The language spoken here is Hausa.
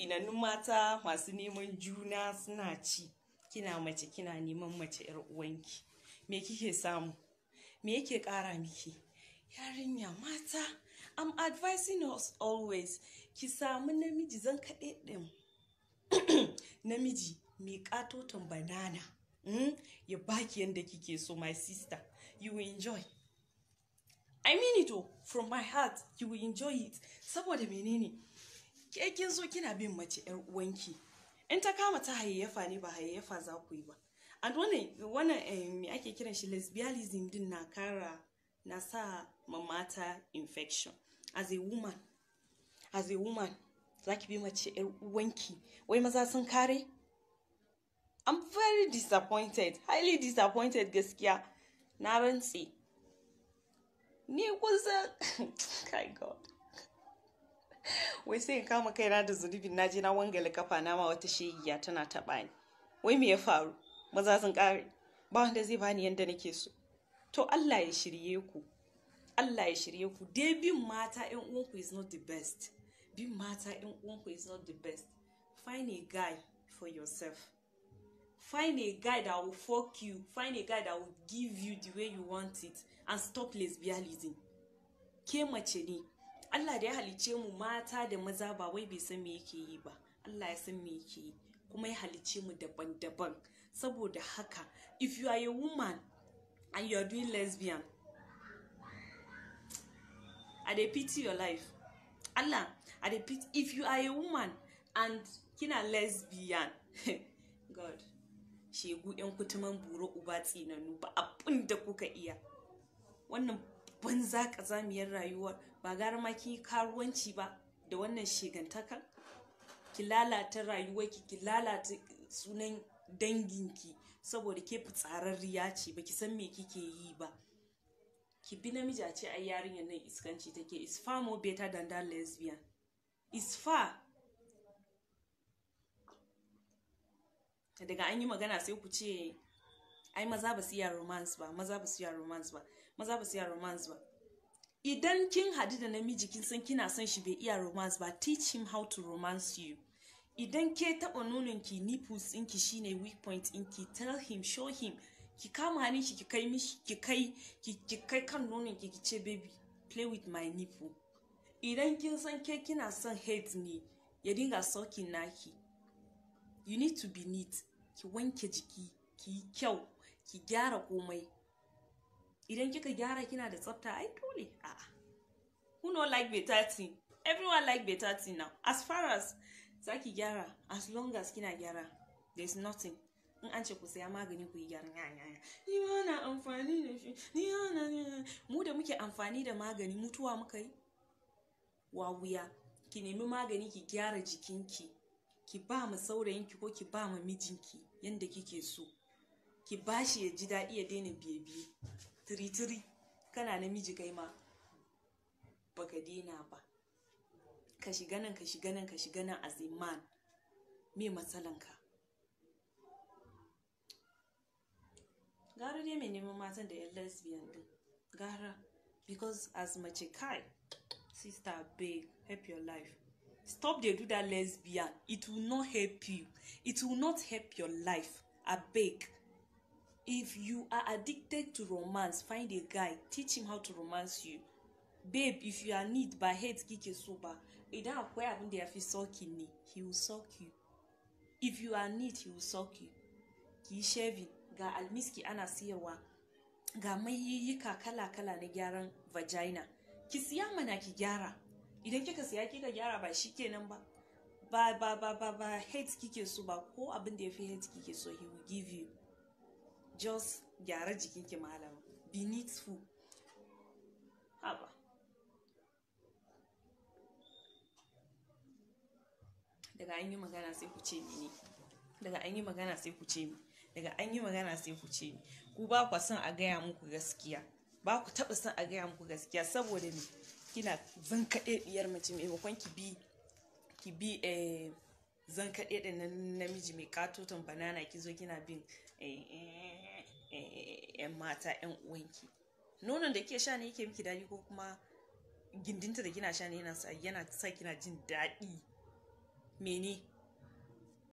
tsinannun mata masu neman juna suna ci kina mace kina neman mace yar uwanki me kike samu me yake ƙara miki yarinya mata i'm advising us always ki samu namiji zan kaɗe ɗin namiji mai ƙatoton banana hmm, ya baki yadda kike so my sister you will enjoy i mean it oh, from my heart you will enjoy it saboda menene ke kin zo kina bin mace yar uwanki in ta kama ta hayayyafa ne ba hayayyafa za ku yi ba and wannan eh, me ake kiran shi lesbianism din na kara na sa mamata infection as a woman as a woman za ki bi mace yar uwanki wai maza sun kare I'm very disappointed highly disappointed gaskiya na rantse ni kusa kai god wai sai in kama kaina da zunubin naje na wangale kafa na ma wata shegiya tana taɓa ni wai me ya faru maza sun ƙare ba wanda zai bani yanda nake so to Allah ya shirye ku Allah ya shirye ku dai bin mata yan uwanku is not the best bin mata yan uwanku is not the best find a guy for yourself find a guy that will fuck you find a guy that will give you the way you want it and stop lesbianism ke mace ne Allah da ya halice mu mata da maza ba wai bai san me yake yi ba Allah ya san me yake yi kuma ya halice mu daban-daban saboda haka if you are a woman and you are doing lesbian i dey pity your life Allah i dey pity if you are a woman and kina lesbian god shegu yan kutuman buru uba tsinanu ba abin da kuka iya wannan banza ƙazamiyar rayuwar ba gara ma ki karuwanci ba da wannan shigantaka ki lalata rayuwarki ki lalata sunan danginki saboda ke fitsararriya ce ba ki san me kike yi ba ki bi namiji a ce ai yarinyar nan iskanci take is far more better than that lesbian is far daga an yi magana sai ku ce ai maza ba su iya romance ba maza ba su iya romance ba maza ba su iya romance ba idan kin hadu da namiji kin san kina son shi bai iya romance ba teach him how to romance you idan ke taɓa nononki nipples ɗinki shine weak point ɗinki tell him show him ki kama hannun shi ki kai mishi ki kai ki kai kan nonon ki ce baby play with my nipple idan kin san ke kina son head ni ya dinga saukin naki you need to be neat ki wanke jiki ki yi kyau ki gyara komai idan kika gyara kina da tsafta ai dole a'a who no like better thing everyone like better thing now as far as za ki gyara as long as kina gyara there's nothing in an ce ku saya magani ku yi gyaran yaya ni ma na amfani da shi ni na ni mu da muke amfani da magani mutuwa muka yi wa wuya ki nemi magani ki gyara jikinki ki ba ma saurayinki ko ki ba ma mijinki yanda kike so ki ba shi ya ji daɗi ya daina biye-biye tiri-tiri kana namiji kai ma baka daina ba ka shiga nan ka shiga nan ka shiga nan as a man me matsalanka gara ne mai neman matan da yan lesbian din gara because as mace kai sister babe help your life stop dey do that lesbian it will not help you it will not help your life abeg if you are addicted to romance find a guy teach him how to romance you babe if you are need by hate kike soba idan akwai abin da ya fi soki ne he will suck you if you are need he will suck you ki shaving ga almiski ana siyarwa ga mayiyyika kala-kala na gyaran vagina ki siya mana ki gyara idan kika siya kika gyara ba shi kenan ba ba ba ba ba hate kike so ba ko abin da ya fi hate kike so he will give you just gyara jikin ki malama be needful haba daga an yi magana sai ku ce mini daga an yi magana sai ku ce daga an yi magana sai ku ce ku ba ku son a gaya muku gaskiya ba ku taɓa son a gaya muku gaskiya saboda ne kina zan kaɗe ɗiyar mace maimakon ki bi ki bi eh, zan kaɗe da namiji mai katoton banana ki zo kina bin eh, eh 'yan eh, mata 'yan uwanki nonon da ke sha ne yake miki daɗi ko kuma gindinta da kina sha ne yana sa kina jin daɗi mene